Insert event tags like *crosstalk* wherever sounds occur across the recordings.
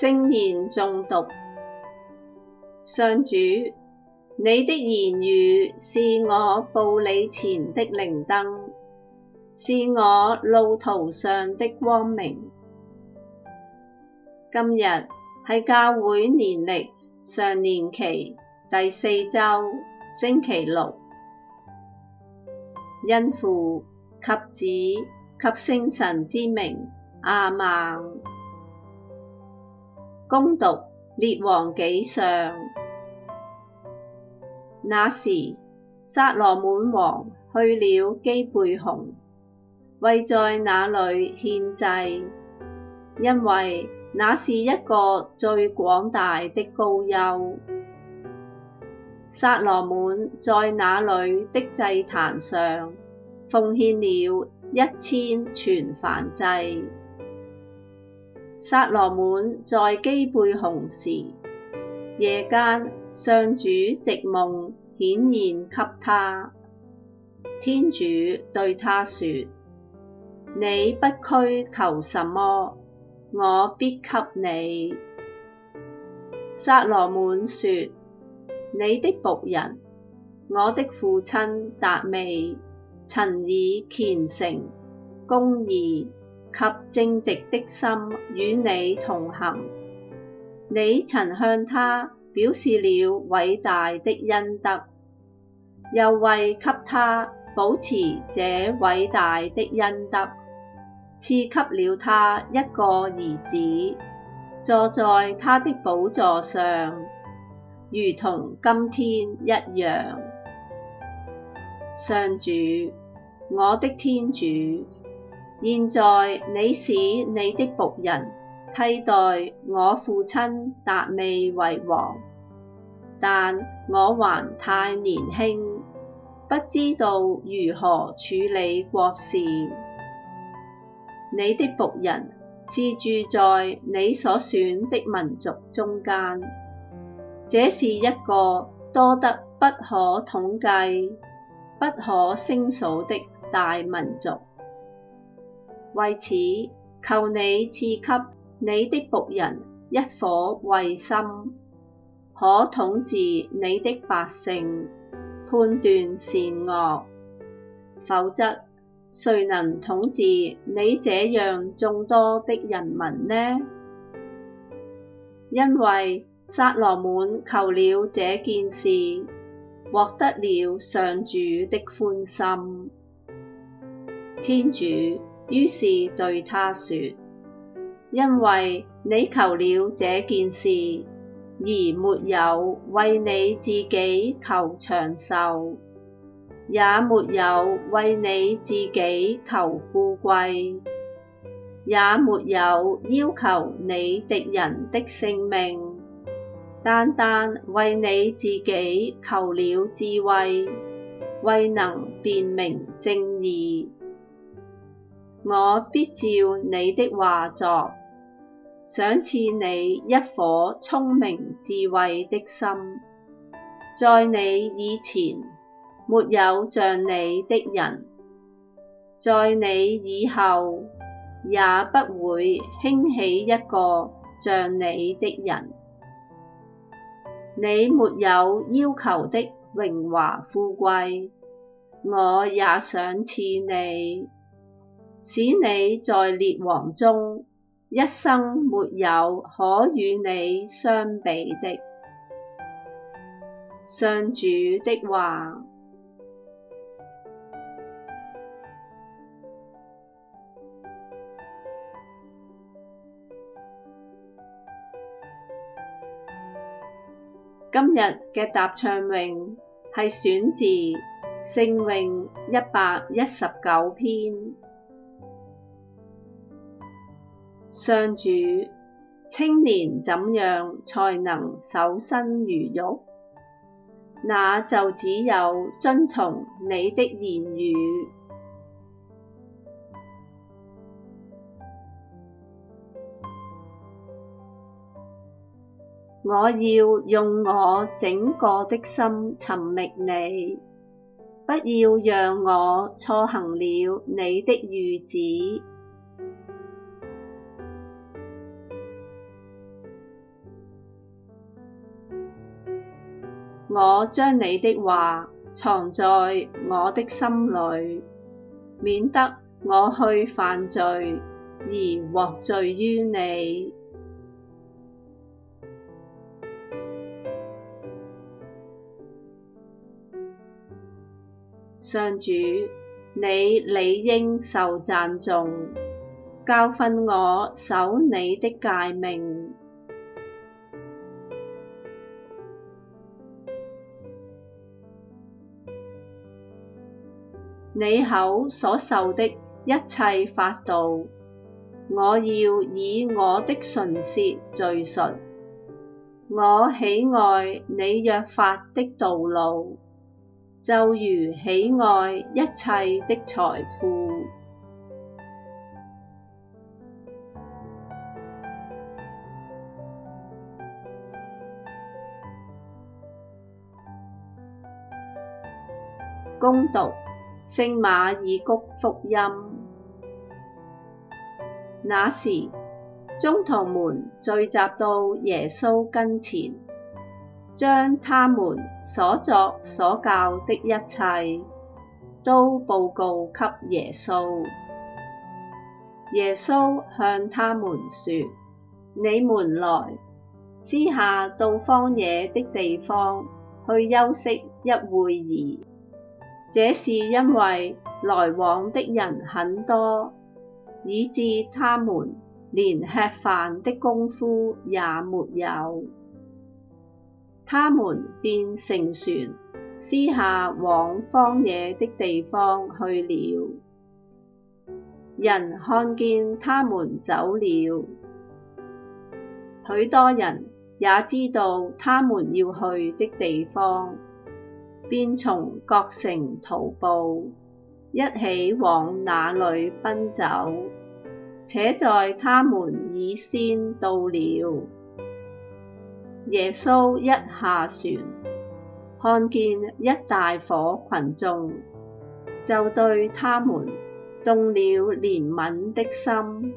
聖言誦讀。上主，你的言語是我步履前的靈燈，是我路途上的光明。今日係教會年曆常年期第四週星期六，因父及子及聖神之名，阿孟。恭讀列王紀上，那時，撒羅滿王去了基貝紅，為在那裏獻祭，因為那是一個最廣大的高丘。撒羅滿在那裏的祭壇上，奉獻了一千全燔祭。撒羅滿在基貝紅時，夜間上主藉夢顯現給他，天主對他說：你不拘求什麼，我必給你。撒羅滿說：你的僕人，我的父親達味，曾以虔誠、公義，及正直的心與你同行。你曾向他表示了偉大的恩德，又為給他保持這偉大的恩德，賜給了他一個兒子，坐在他的寶座上，如同今天一樣。上主，我的天主。現在你使你的僕人，替代我父親達味為王，但我還太年輕，不知道如何處理國事。你的僕人是住在你所選的民族中間，這是一個多得不可統計，不可勝數的大民族。為此，求你賜給你的僕人一顆慧心，可統治你的百姓，判斷善惡；否則，誰能統治你這樣眾多的人民呢？因為撒羅滿求了這件事，獲得了上主的歡心。天主於是對他說：因為你求了這件事，而沒有為你自己求長壽，也沒有為你自己求富貴，也沒有要求你敵人的性命，單單為你自己求了智慧，為能辨明正義。我必照你的話作，賞賜你一顆聰明智慧的心。在你以前沒有像你的人，在你以後也不會興起一個像你的人。你沒有要求的榮華富貴，我也賞賜你。使你在列王中，一生沒有可與你相比的。上主的話。今日嘅答唱詠係選自《聖詠》一百一十九篇。上主，青年怎樣才能守身如玉？那就只有遵從你的言語。 *noise* 我要用我整個的心尋覓你，不要讓我錯行了你的諭旨。我將你的話藏在我的心裏，免得我去犯罪而獲罪於你。上主，你理應受讚頌，教訓我守你的誡命。你口所授的一切法度，我要以我的唇舌敘述。我喜愛你約法的道路，就如喜愛一切的財富。公道。《聖馬爾谷福音》：那時，宗徒們聚集到耶穌跟前，將他們所作所教的一切都報告給耶穌。耶穌向他們說：你們來，私下到荒野的地方去休息一會兒。這是因為來往的人很多，以致他們連吃飯的工夫也沒有。他們便乘船私下往荒野的地方去了。人看見他們走了，許多人也知道他們要去的地方。便從各城徒步，一起往那裏奔走，且在他們以先到了。耶穌一下船，看見一大夥群眾，就對他們動了憐憫的心，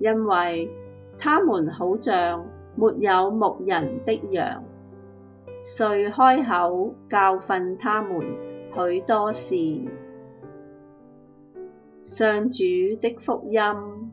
因為他們好像沒有牧人的羊，遂開口教訓他們許多事。上主的福音。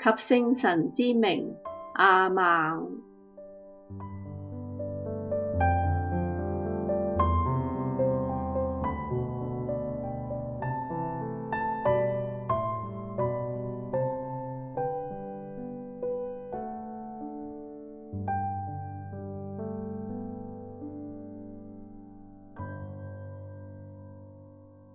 及聖神之名，阿們。